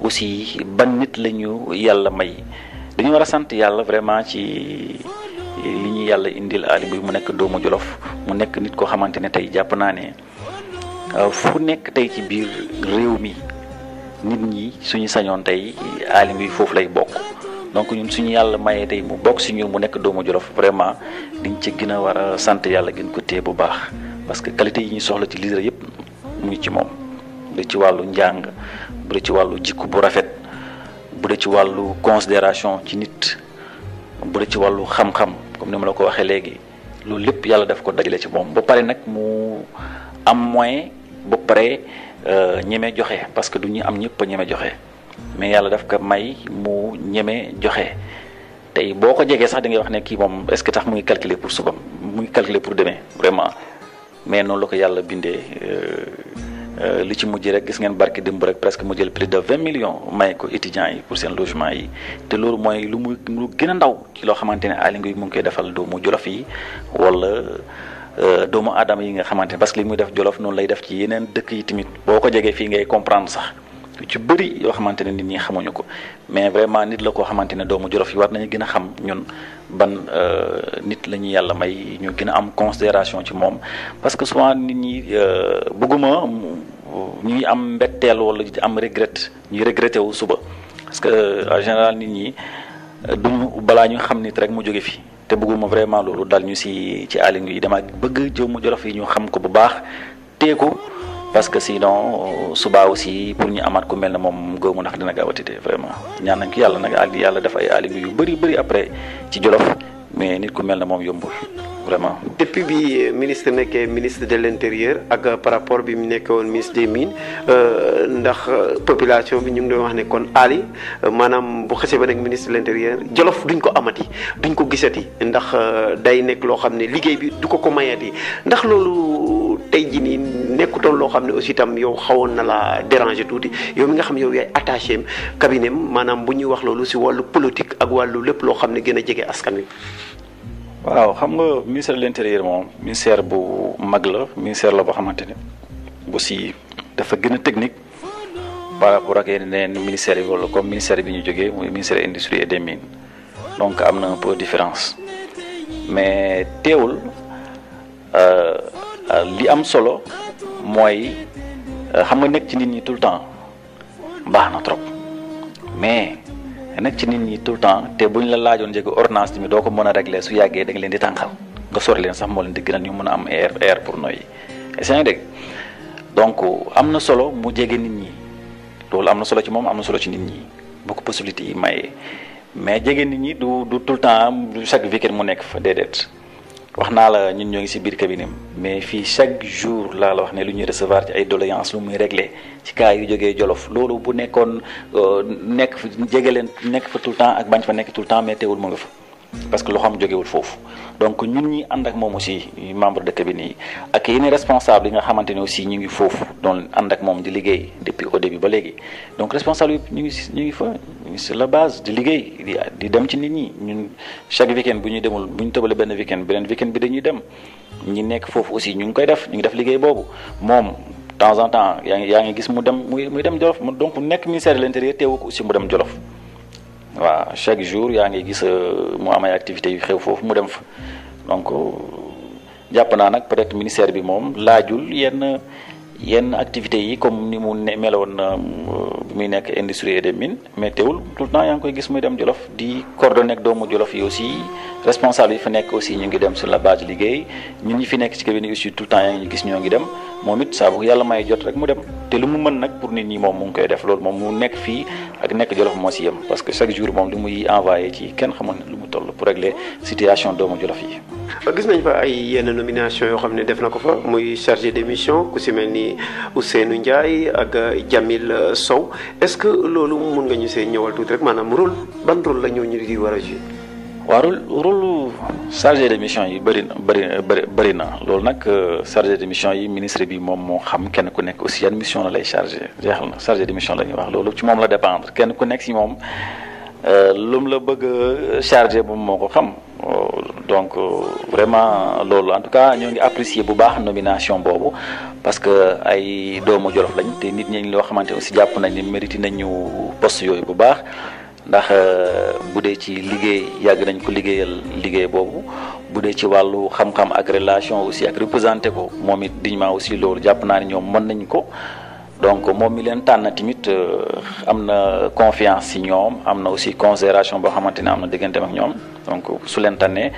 aussi ban nit la ñu yàlla may dañu war a sant yàlla vraiment ci li ñu yàlla indil Aly Ngouille mu nekk doomu Jolof mu nekk nit koo xamante ne tey jàpp naa ne euh, fu nekk tey ci biir réew mi nit ñi suñu sañoon tey Aly Ngouille foofu lay bokk donc ñun suñu yàlla mayee tey mu bokk si ñun mu nekk doomu Jolof vraiment dañ ci gën a war sant yàlla gën ko téye bu baax parce que qualité yi ñu soxla ci leader yëpp mu ci moom da ci wàllu njàng bu dee ci wàllu jikk bu rafet bu dee ci wàllu considération ci nit bu dee ci wàllu xam-xam comme ni ma la ko waxee léegi loolu lépp yàlla def ko dajale ci moom ba pare nag mu am moyen ba pare euh, ñemee joxe parce que du ñu am ñëpp a ñeme joxe mais yàlla def ko may mu ñemee joxe tey boo ko jegee sax da ngay wax ne kii moom est-ce que tax mu ngi calculer pour subam mu ngi calculer pour demee vraiment mais noonu la ko yàlla bindee. Euh, Euh, li ci mujj rek gis ngeen barki dimb rek presque mu jël plus de 20 millions may ko étudiants yi pour seen logement yi te loolu mooy lu mu lu gën a ndaw ci loo xamante ne Aliou mu ngi koy defal doomu jolof yi wala euh, doomu aadama yi nga xamante parce que li muy def jolof noonu lay def ci yeneen dëkk yi tamit boo ko jegee fii ngay comprendre sax ci bëri yoo xamante ne nit ñi xamuñu ko mais vraiment nit la koo xamante ne doomu jorof yi war nañu gën a xam ñun ban euh, nit la ñu yàlla may ñu gën a am considération ci moom parce que souvent nit ñi euh, bëgguma ñuy am mbetteel wala di am regret ñuy regretté wu suba parce que euh, en général nit ñi duñu balaa ñu xam nit rek mu jóge fi te bëgguma vraiment loolu dal ñu si ci alin yi dama bëgg jëw mu yi ñu xam ko bu baax teeku parce que sinon suba aussi pour ñu amaat ku mel ne moom góomu ndax dina gaaw a tite vraiment ñaan nañ ko yàlla nag àll yàlla def ay alibi yu bëri bëri après ci Jolof mais nit ku mel ne moom yombul. vraiment. depuis bi euh, ministre nekkee ministre de l' intérieur ak euh, par rapport bi mu nekkee woon ministre des mines euh, ndax population bi ñu ngi doon wax ne kon Ali maanaam bu xasee ba nekk ministre de l' jolof duñ ko amati duñ ko gisati ndax day nekk loo xam ne liggéey bi du ko ko mayati ndax loolu tey jii nii nekkutoon loo xam ne aussi itam yow xawoon na la déranger tuuti yow mi nga xam yow yaay attaché cabinet maanaam bu ñuy wax loolu si wàllu politique ak wàllu lépp loo xam ne gën a jege askan wi. waaw xam nga ministère de l'intérieur moom ministère bu mag la ministère la boo xamante ne bu si dafa gën a technique par rapport ak yeneen ministère yi wala comme ministère bi ñu jógee muy ministère industrie et des mines donc am na un peu différence mais teewul euh, li am solo mooy euh, xam nga nekk ci nit ñi tout le temps baax na trop mais nekk ci nit ñi tout le temps te bu ñu la laajoon njëgu ordonnance mi doo ko mën a régler su yàggee da leen di tànqal nga sori leen sax moo leen di gënal ñu mën a am air air pour noyyi est-ce que donc am na solo mu jege nit ñi loolu am na solo ci moom am na solo ci nit ñi bu ko possibilité yi mayee mais jege nit ñi du du tout le temps chaque weekend mu nekk fa déedéet. wax naa la ñun ñoo ngi si biir cabinet mais fii chaque jour laa la wax ne lu ñuy recevoir ci ay doléances lu muy réglé ci cas yu jógee Jolof loolu bu nekkoon euh, nekk jege leen nekk fa tout le temps ak bañ fa nekk tout le temps mais teewul ma nga fa. parce que loo loxoom jógewul foofu donc ñun ñi ànd ak moom aussi membre dëkk bi nii ak yeneen responsable yi nga xamante ne aussi ñu ngi foofu doon ànd ak moom di liggéey depuis au début ba léegi donc responsable yi ñu ngi ngi fa sur la base di liggéey di di dem ci nit ñi ñun chaque weekend bu ñu demul bu ñu tëbale benn weekend beneen weekend bi dañuy dem ñi nekk foofu aussi ñu ngi koy def ñu ngi def liggéey boobu moom temps en yaa ngi yaa ngi gis mu dem muy muy dem Jolof donc nekk ministère de l'intérieur mu dem Jolof waaw chaque jour yaa ngi gis euh, mu am ay yu xew foofu mu dem fa donc euh, jàpp naa nag peut-être ministère bi moom laajul yenn yenn activité yi comme ni mu meloon euh, bi muy nekk industrie et des mines mais teewul tout temps yaa ngi koy gis muy dem Jolof di coordonné ak doomu Jolof yi aussi responsable yi fa nekk aussi ñu ngi dem sur la base liggéey ñun ñi fi nekk ci cabinet aussi tout temps yaa ngi gis ñoo ngi dem moom it saa bu yàlla may jot rek mu dem te lu mu mën nag pour nit ñi moom mu ngi koy def loolu moom mu nekk fii ak nekk Jolof moo si yem parce que chaque jour moom li muy envoyé ci kenn xamoon lu mu toll pour régler situation doomu Jolof yi. gis nañ fa ay yenn nomination yoo xam ne def na ko fa muy chargé de mission ku si mel ni ci Ousseynou Ndiaye ak Jamil Sow est-ce que loolu mun nga ñu see ñëwal tuuti rek maanaam rôle ban rôle la ñooñu di war a ji waaw rôle rôle chargé de mission yi bëri na bëri bëri na loolu nag euh, chargé de mission yi ministre bi moom moo xam kenn ku nekk aussi yan mission la lay chargé jeexal na chargé de mission la ñuy wax loolu ci moom la dépendre kenn ku nekk si moom euh, lu la bëgg a chargé moom moo ko xam. Euh, donc euh, vraiment loolu en tout cas ñoo ngi apprécier bu baax nomination boobu parce que ay doomu Jolof lañ te nit ñi loo xamante aussi jàpp nañ ni mérité nañu post yooyu bu baax ndax euh, bu dee ci liggéey yàgg nañ ko liggéeyal liggéey boobu bu dee ci wàllu xam-xam ak aussi ak représenté ko moom it dignement aussi loolu jàpp naa ne ñoom mën nañ ko donc moom mi leen tànn tamit euh, am na confiance ci ñoom am na aussi considération boo xamante ne am na digganteem ak ñoom donc su leen tànnee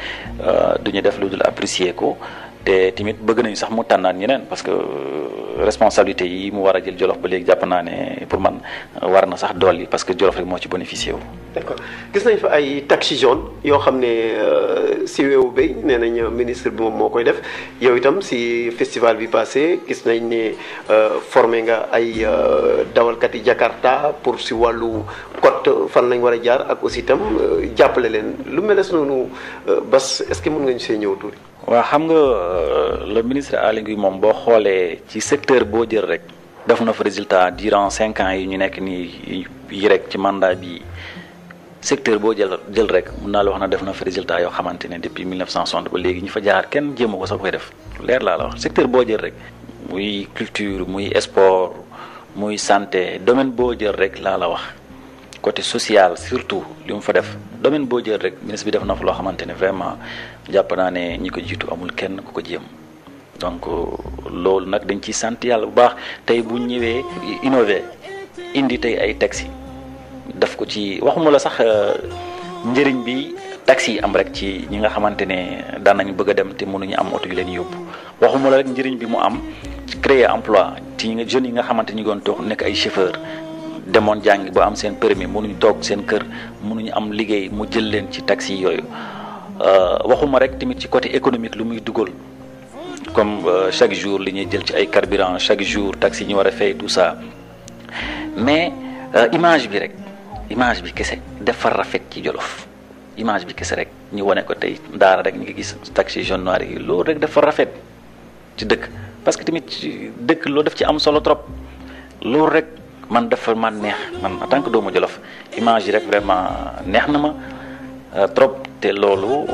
euh, du def lu dul apprécier ko. te tamit bëgg nañu sax mu tànnaat ñeneen parce que euh, responsabilité yi mu war a jël jolof ba léegi jàpp naa ne pour man euh, war na sax dolli parce que jolof rek moo ci bénéficié wu. d'accord gis nañ fa ay taxi jaune yoo xam ne euh, si weewu béy nee nañ ministre bi moom moo koy def yow itam si festival bi passé gis nañ ne formé nga ay dawalkat yi Jakarta pour si wàllu code fan lañ war a jaar ak aussi itam jàppale leen lu mel noonu bas est-ce que mën nga ñu see ñëw tuuti. waaw xam nga euh, le ministre Aly Ngouille moom boo xoolee ci secteur boo jël rek def na fa résultat durant cinq ans yi ñu nekk nii yi rek ci mandat bi secteur boo jël jël rek mun naa la wax na def na fa résultat yoo xamante ne depuis 1960 ba léegi ñu fa jaar kenn jéem ko sax koy def leer laa la wax boo jël rek muy culture muy sport muy santé domaine boo jël rek laa la wax côté social surtout li fa def domaine boo jël rek ministre bi def na fa loo xamante ne vraiment jàpp naa ne ñi ko jiitu amul kenn ku ko jéem donc loolu nag dañ ci sant yàlla bu baax tey bu ñëwee innové indi tey ay taxi daf ko ci waxuma la sax euh, njëriñ bi taxi yi am rek ci ñi nga xamante ne daan nañ bëgg a dem te mënuñu am oto yu leen yóbbu waxuma la rek njëriñ bi mu am créer emploi ci jeunes yi nga xamante ñu doon toog nekk ay chauffeur demoon jàngi ba am seen permis mënuñu toog seen kër mënuñu am liggéey mu jël leen ci taxi yooyu Euh, waxuma rek tamit ci côté économique lu muy dugal comme euh, chaque jour li ñuy jël ci ay carburant chaque jour taxi yi ñu war a fay tout mais euh, image bi rek image bi kese def dafa rafet ci Jolof image bi kese rek ñu wane ko tey daara rek ñu ngi gis taxi jaune noir yi loolu rek dafa rafet ci dëkk parce que tamit dëkk loo daf ci am solo trop loolu rek man def dafa man neex man en tant que doomu Jolof image yi rek vraiment neex na ma Eh, trop te lolu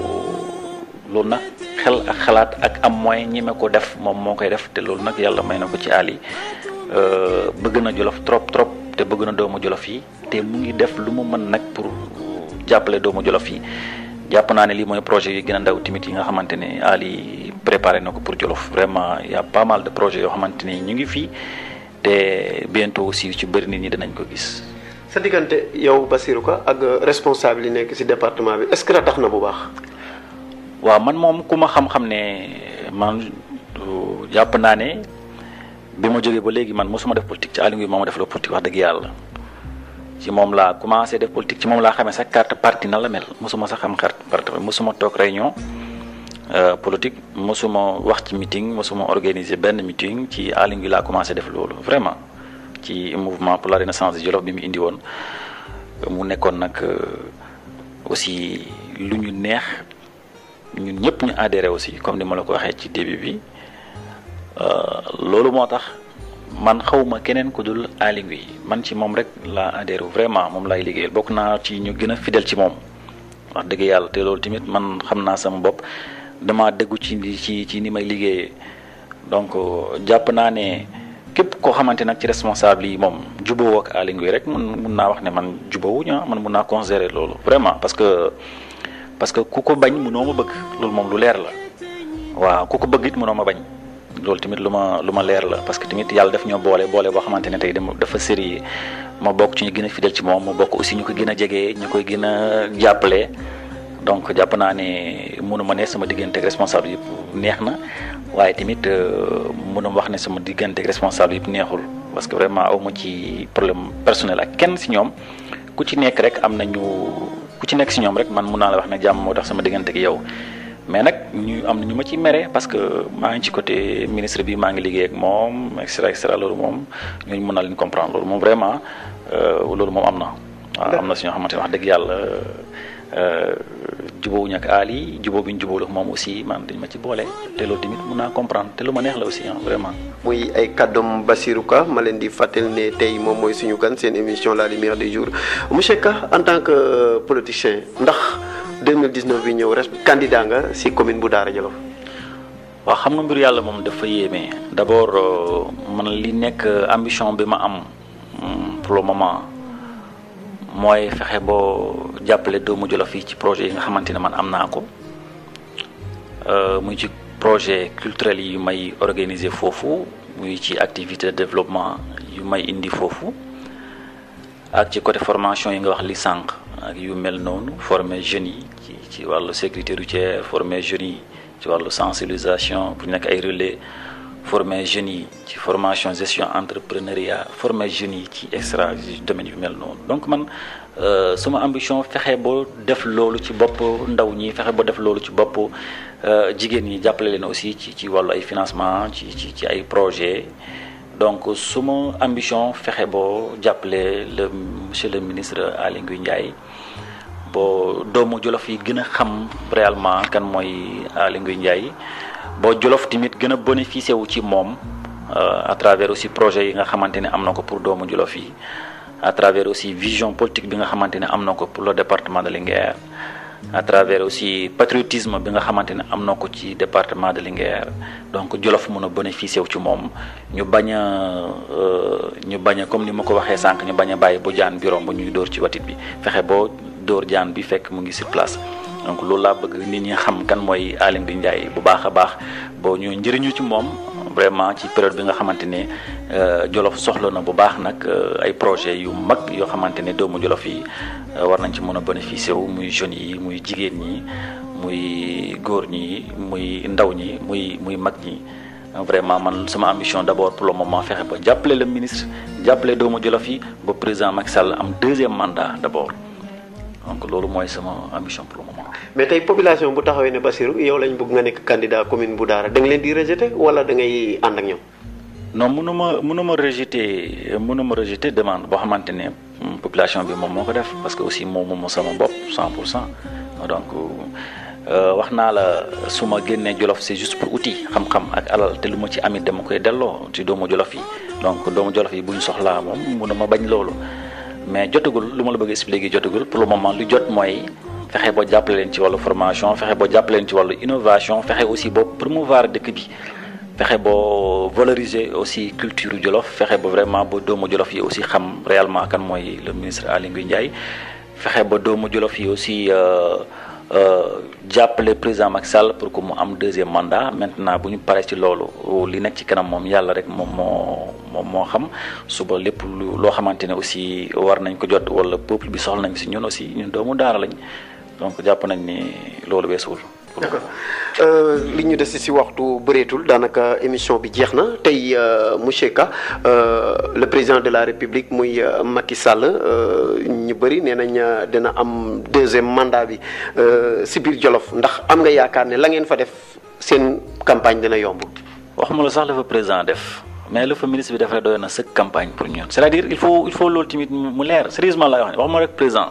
lu nak xel ak xalat ak am moy ñi ko def mom mo koy def te lolu nak yalla may na ko ci ali euh bëgg na jolof trop trop te bëgg na doomu jolof yi te mu ngi def lu mu mën nak pour jappalé doomu jolof yi japp na ne li moy projet yi gëna ndaw timit yi nga Ali préparé nako pour Jolof vraiment y' a pas mal de projet yo xamante ne ñu ngi fi te bientôt aussi ci bërni ni dinañ ko gis. sa diggante yow Bassirou Ka ak responsable yi nekk ci département bi est-ce que tax na bu baax. waaw man moom ku ma xam-xam ne man jàpp naa ne bi ma jógee ba léegi man mosuma def politique ci Aliou Ngouille moo ma defaloo politique wax dëgg yàlla. ci moom laa commencé def politique ci moom laa xamee sax carte parti na la mel mosuma sax xam carte parti mosuma toog réunion euh, politique mosuma wax ci meeting mosuma organiser benn meeting ci Aliou Ngouille laa commencé def loolu vraiment. ci mouvement pour la renaissance du bi mu indi woon mu nekkoon nag euh, aussi lu ñu neex ñun ñëpp ñu adhéré aussi comme ni ma la ko waxee ci début bi euh, loolu moo tax man xawma keneen ku dul man ci moom rek la adhéré vraiment moom lay liggéeyal bokk naa ci ñu gën a fidèle ci moom wax dëgg yàlla te loolu tamit man xam naa sama bopp dama dégg ci ci ci ni may liggéeyee donc euh, jàpp naa ne képp koo xamante nag ci responsable yi moom juboo ak Aly Ngouille rek mun mun naa wax ne man juboowu ñaa man mun naa considérer loolu vraiment parce que parce que ku ko bañ mënoo ma bëgg loolu moom lu leer la waaw ku ko bëgg it mënoo ma bañ loolu tamit lu ma lu ma leer la parce que tamit yàlla daf ñoo boole boole boo xamante ne tey dafa série ma bokk ci ñu gën a fidèle ci moom ma bokk aussi ñu ko gën a jege ñu koy gën a jàppale donc jàpp naa ne mënuma ne sama diggante ak responsable yëpp neex na waaye tamit euh, mënuma wax ne sama diggante ak responsable yëpp neexul parce que vraiment aw ma ci problème personnel ak kenn si ñoom ku ci nekk rek am na ñu ku ci nekk si ñoom rek man mun naa la wax ne jàmm moo tax sama diggante ak mais nag ñu am na ñu ma ci mere parce que maa ngi ci côté ministre bi maa ngi liggéey ak moom et cetera loolu moom ñooñu mën naa leen comprendre loolu moom vraiment euh, loolu moom am na. waaw am na si ñoo xamante ne wax dëgg yàlla. Euh, jubóowuñu ak aal yi jubóo bi ñu la moom aussi maanaam dañ ma ci boole te loolu tamit mun naa comprendre te lu ma neex la aussi ah vraiment. muy ay kàddoom Bassirou Ka ma leen di fàttali ne tey moom mooy suñu kan seen émission la lumière de jour monsieur Ka en tant que euh, politicien ndax 2019 bi ñëw res candidat nga si commune bu Daara Jolof. waa xam na mbiru yàlla moom dafa yéeme d' ma euh, man li nekk euh, ambition bi ma am hmm, pour le moment. mooy fexe boo jàppale doomu Jolof yi ci projet yi nga xamante ne man am naa ko euh, muy ci projet culturel yu may organiser foofu muy ci activité de développement yu may indi foofu ak ci côté formation yi nga wax li sànq ak yu mel noonu former jeunes yi ci ci wàllu sécurité routière former jeunes yi ci wàllu sensibilisation pour nekk ay relais former jeunes formation gestion entrepreneuriat former jeunes extra domaine yu donc man euh, ambition def ci ndaw ñi def ci euh, ñi aussi ci ci ay financement projet donc suma ambition fexe le monsieur le ministre à Ndiaye doomu yi réellement kan bo jollof timit gëna a wu ci mom euh, à travers aussi projet yi nga xamanteni amna ko pour doomu jollof yi à travers aussi vision politique bi nga xamanteni amna ko pour le département de Linguère à travers aussi patriotisme bi nga xamanteni amna na ko ci département de Linguère donc jollof mëna a wu ci mom ñu baña a euh, ñu baña comme ni mako waxé sank ñu baña bu jaan bi bu ñuy door ci watit bi fexé bo door jaan bi fekk mu ngi sur place donc loolu laa bëgg nit ñi xam kan mooy Aly Ngouille Ndiaye bu baax a baax boo ñu njëriñu ci moom vraiment ci période bi nga xamante ne euh, Jolof soxla na bu baax nag euh, ay projet yu mag yoo xamante ne doomu Jolof yi euh, war nañ ci mën a bénéficier wu muy jeunes yi muy jigéen ñi muy góor ñi muy ndaw ñi muy muy mag ñi vraiment man sama ambition d'abord pour le moment fexe ba jàppale le ministre jàppale doomu Jolof yi ba président Macky Sall am deuxième mandat d'abord donc loolu mooy sama ambition pour le moment mais tay population bu taxawé né basirou yow lañ bëgg nga nek candidat commune bu dara da nga leen di rejeter wala da ngay and ak ñom non mënuma mënuma rejeter mënuma rejeter demande bo xamantene population bi mom moko def parce que aussi mom mom sama bop 100 donc cent eh, wax naa la suma ma génnee jolof c' est juste pour outil xam-xam ak alal te lu ma ci amit dama koy delloo ci doomu jolof yi donc doomu jolof yi buñ ñu soxlaa moom mënuma bañ loolu mais jotagul lu ma la bëgg expliquer jotagul pour le moment lu jot mooy. fexe ba jàppale leen ci wàllu formation fexe ba jàppale leen ci wàllu innovation fexe aussi ba promouvoir dëkk bi fexe boo valoriser aussi culture Jolof fexe ba vraiment ba doomu Jolof yi aussi xam réellement kan mooy le ministre Aly Ndiaye fexe ba doomu Jolof yi aussi euh, euh, jàppale président Macky Sall pour que mu am deuxième mandat maintenant bu ñu paree ci loolu li nekk ci kanam moom yàlla rek moom moo moom moo xam suba lépp lu loo xamante ne aussi war nañ ko jot wala peuple bi soxla nañ si ñun aussi ñun doomu daara lañ donc jàpp nañ ni loolu weesuwul. d'accord euh, li ñu des si waxtu bëreetul daanaka émission bi jeex na tey euh, monsieur Ka euh, le président de la république muy Macky Sall ñu bëri nee nañ dina am deuxième mandat bi si biir Jolof ndax am nga yaakaar ne la ngeen fa def seen campagne dina yomb. waxuma la sax la fa président def mais le fa ministre bi def rek doy na sëkk campagne pour ñun c'est-à-dire il faut il faut loolu tamit mu leer sérieusement la wax ne waxuma rek président.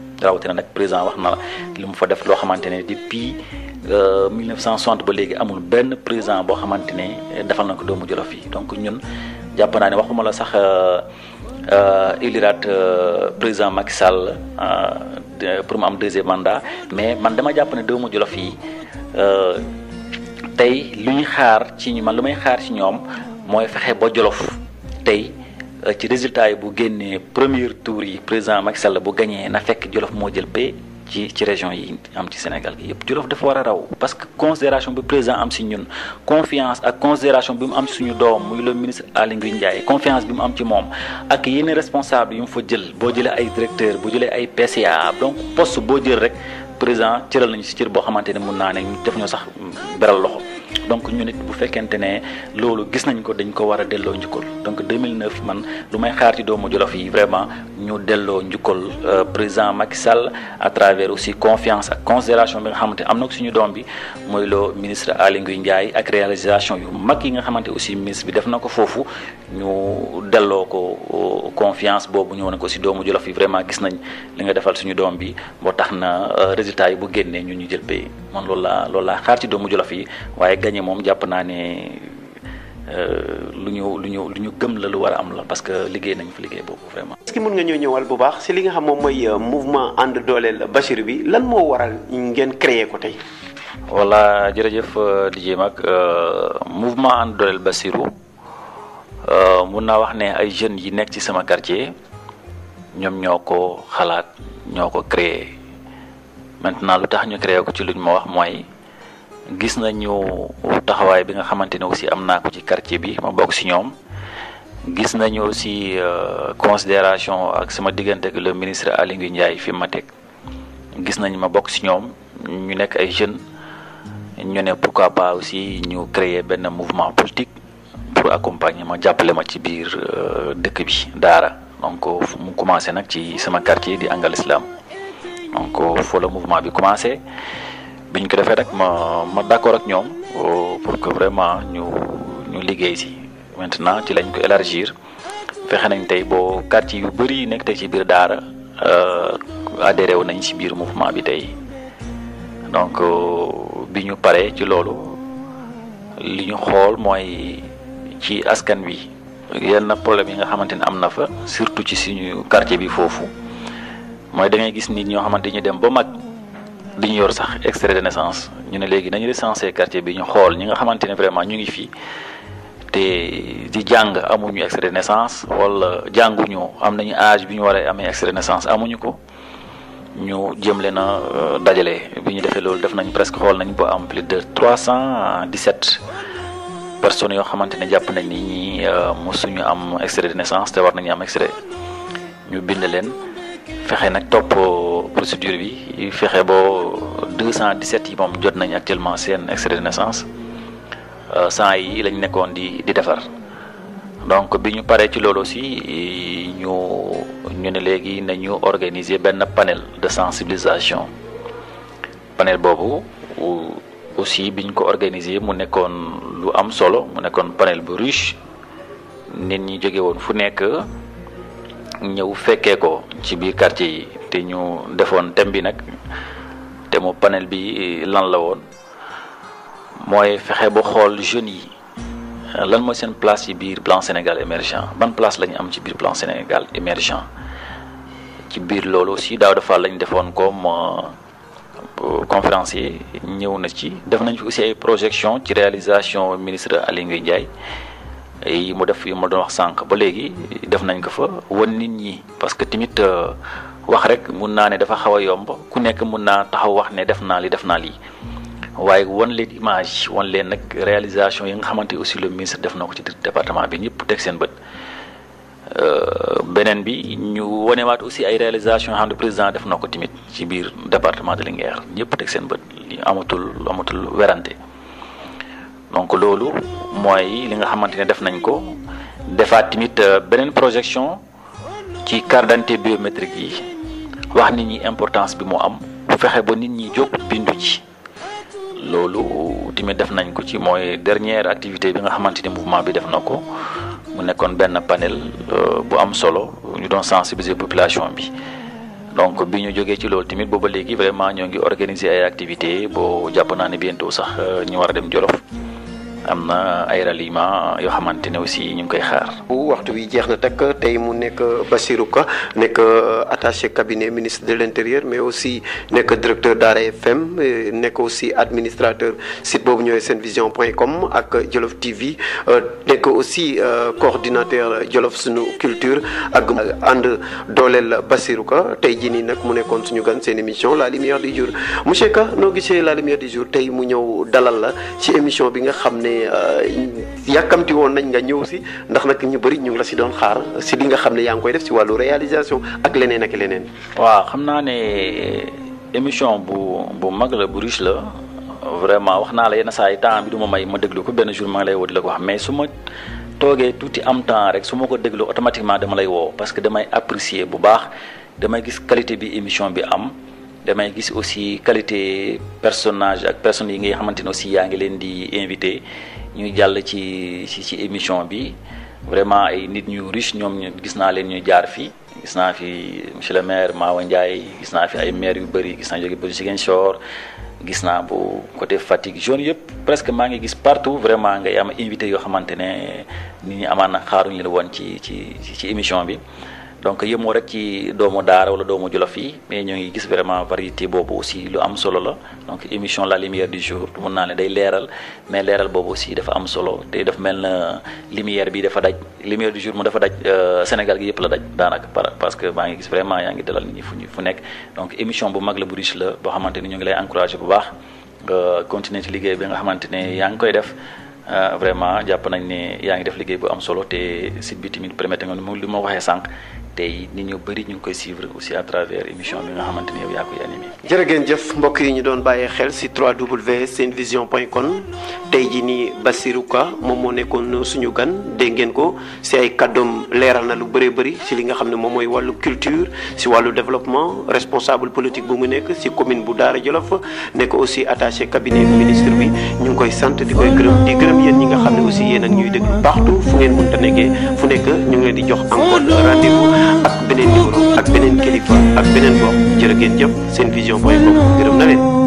rawatina nag président wax na li mu fa def loo xamante ne depuis 1960 euh, ba léegi amul benn président boo xamante ne defal na ko doomu Jolof yi donc ñun jàpp naa ne waxuma la sax euh, euh, éliraat président Macky Sall pour mu am deuxième mandat mais man dama jàpp ne doomu Jolof yi tey lu ñu xaar ci man lu may xaar ci ñoom mooy fexe ba Jolof tey Euh, ci résultat yi bu génnee premier tour yi président Macky Sall bu gagné na fekk Jolof moo jël pay ci ci région yi am ci Sénégal gi yëpp Jolof dafa war a raw parce que considération bi président am si ñun confiance ak considération bi mu am si suñu doom muy le ministre Aly Ngouille Ndiaye confiance bi mu am ci moom ak yenn responsable yu mu fa jël boo jëlee ay directeur boo jëlee ay PCA donc poste boo jël rek président cëral nañu si cër boo xamante ne mun naa ne def ñoo sax beral loxo donc ñu nit bu fekkente ne loolu gis nañ ko dañ ko war a delloo njukkal donc 2009 man lu may xaar ci doomu Jolof yi vraiment ñu delloo njukkal euh, président Macky Sall à travers aussi confiance ak considération bi nga xamante am na ko suñu doom bi mooy loo ministre Aly Ngouille Ndiaye ak réalisation yu mag yi nga xamante aussi ministre bi def na ko foofu ñu delloo ko euh, confiance boobu ñëw na ko si doomu Jolof yi vraiment gis nañ li nga defal suñu doom bi boo tax na euh, résultat yi bu génnee ñu ñu jël pay man loolu laa loolu laa xaar ci doomu Jolof yi waaye gagné mom japp na né euh, lu luñu luñu gëm la lu wara am la parce que liggéey nañ fi liggéey bobu vraiment. est ce que mën nga ñëw ñëwal bu baax ci li nga xam mom moy euh, mouvement ànd dooleel bashir bi lan mo waral ngeen créer ko tay wala jërëjëf euh, DJ Mag mouvement ànd dooleel Bassirou mun na wax né ay jeunes yi nekk ci sama quartier ñom ñoko xalaat ñoko créer maintenant lutax ñu créer ko ci luñ ma wax moy gis nañu taxaway bi nga xamanteni amna aussi amna ko ci quartier bi ma bok si ñom gis nañu aussi euh, considération ak sama digënté ak le ministre Aliou Ndiaye fi ma tek gis nañ ma bok si ñom ñu nek ay jeunes ñu né pourquoi pas aussi ñu créer ben mouvement politique pour accompagner ma jàppale ma ci biir euh, dëkk bi daara donc mu commencé nak ci sama quartier di angal islam donc euh, fo le mouvement bi commencé biñ ko defee rek ma ma d'accord ak ñoom euh, pour que vraiment ñu ñu liggéey si maintenant ci lañ ko élargir fexe nañ tey bo quartier yu bëri yi nekk tey ci biir daara euh, adhéré wu nañ si biir mouvement bi tey donc euh, bi ñu paree ci loolu li ñu xool mooy ci askan wi yenn problème yi nga xamante ni am na fa surtout ci suñu quartier bi foofu mooy dangay gis nit ñoo xamante ñu dem ba mag li ñu yor sax extrait de naissance ñu ne léegi nañu recensé quartier bi ñu xool ñi nga xamante ne vraiment ñu ngi fii te di jàng amuñu extrait de naissance wala jànguñu am nañu âge bi ñu war amee extrait de naissance amuñu ko ñu jëm leen a euh, dajale bi ñu defee loolu def nañ presque xool nañ ba am plus de trois cent dix-sept personnes yoo xamante ne jàpp nañ ni ñi euh, mosuñu am extrait de naissance te war nañu am extrait ñu bind leen. fexe nag topp procédure bi fexe ba 217 yi moom jot nañ actuellement seen extrait de naissance sans euh, yi lañ nekkoon di di defar donc bi ñu paree ci loolu aussi ñu ñu ne léegi nañu organiser benn panel de sensibilisation panel boobu aussi biñ ko organiser mu nekkoon lu am solo mu nekkoon panel bu riche nit ñi jóge woon fu nekk ñëw fekkee ko ci biir quartier yi te ñu defoon thème bi panel bi lan la woon mooy fexe ba yi lan place ci plan Sénégal émergent ban place la am ci biir plan Sénégal émergent ci biir loolu aussi comme euh, conférencier ñëw ci def aussi ay projection ci réalisation ministre Ndiaye yi mu def yi ma doon wax sànq ba léegi def nañ ko fa wan nit ñi parce que tamit euh, wax rek mun naa ne dafa xaw a yomb ku nekk mun naa taxaw wax ne def naa li def naa lii waaye wan leen image wan leen nag réalisation yi nga xamante aussi le ministre def na ko ci département bi ñëpp teg seen bët euh, beneen bi ñu wanewaat aussi ay réalisation yoo def na ko tamit ci biir département de Linguère ñëpp teg seen bët li amatul amatul werante donc loolu mooy li nga xamante ne def nañ ko defaat tamit euh, beneen projection ci carte d'identité yi wax nit ñi importance bi mu am bu fexe ba nit ñi jóg bindu ci loolu timit def nañ ko ci mooy dernière activité bi nga xamante ni mouvement bi def na ko mu nekkoon benn panel euh, bu am solo ñu doon sensibiliser population bi donc bi ñu jógee ci loolu tamit booba léegi vraiment ñoo ngi organiser ay activité boo jàpp naa ne bientôt sax euh, ñu war a dem jolo am na ay ralliement yoo xamante ne aussi ñu ngi koy xaar. bu waxtu bi jeex na takk tey mu nekk Bassirou Ka nekk attaché cabinet ministre de l' intérieur mais aussi nekk directeur Daara FM nekk aussi administrateur site boobu ñooy seen vision point com ak Jolof TV euh, nekk aussi euh, coordinateur Jolof suñu culture ak ànd dooleel Bassirou tey jii nii nag mu nekkoon suñu gan seen émission la lumière du jour monsieur Ka noo gisee la lumière du jour tey mu ñëw dalal la ci bi nga ne euh, yàkkamti woon nañ nga ñëw si ndax nag ñu bëri ñu ngi la si doon xaar si li nga xam ne yaa ngi koy def si wàllu réalisation ak leneen ak leneen. waaw xam naa ne émission bu bu mag la bu riche la vraiment wax naa la yenn saa yi temps bi du ma may ma déglu ko benn jour ma lay woo di la ko wax mais su ma toogee tuuti am temps rek su ma ko déglu automatiquement dama lay woo parce que damay apprécier bu baax damay gis qualité bi émission bi am. damay gis aussi qualité personnage ak personnes yi ngay xamante ne aussi yaa ngi leen di invité ñu jàll ci ci ci émission bi vraiment ay nit ñu riche ñoom gis naa leen ñu jaar fi gis naa fi monsieur le maire Mawa gis naa fi ay maire yu bëri gis naa jóge ba Ziguinchor gis naa bu côté Fatick zone yëpp presque maa ngi gis partout vraiment ngay am invité yoo xamante ne nit ñu amaan na xaaruñu la woon ci ci ci émission bi donc qui rek ci doomu daara wala doomu mais ngi gis vraiment variété aussi lu am solo donc émission la lumière du jour mon naa mais leeral aussi dafa am solo lumière du jour dafa daj euh, Sénégal gi parce que maa ngi vraiment yaa ngi donc émission bu mag la bu riche la boo ngi lay bu baax continuer ci euh, vraiment jàpp nañ ne yaa ngi def liggéey bu am solo site bi tey ni ñu bëri ñu ngi koy suivre aussi à travers émission bi nga xamante ni yow yaa koy animé. jërëgeen jëf mbokk yi ñu doon bàyyee xel vision si www.senevision.com tey jii nii Bassirou Ka moom moo nekkoon suñu gan dégg ngeen ko si ay kàddoom leeral na lu bëree bëri si li nga xam ne moom mooy wàllu culture ci wàllu développement responsable politique bu mu nekk si commune bu Daara Jolof nekk aussi attaché cabinet ministre bi ñu ngi koy sant di koy gërëm di gërëm ñi nga xam ne aussi yéen ak ñuy déglu nekk leen di jox encore ak beneen numéro ak beneen kilifa ak beneen bopp jërë ngeen jëf seen vision point com gërëm na leen.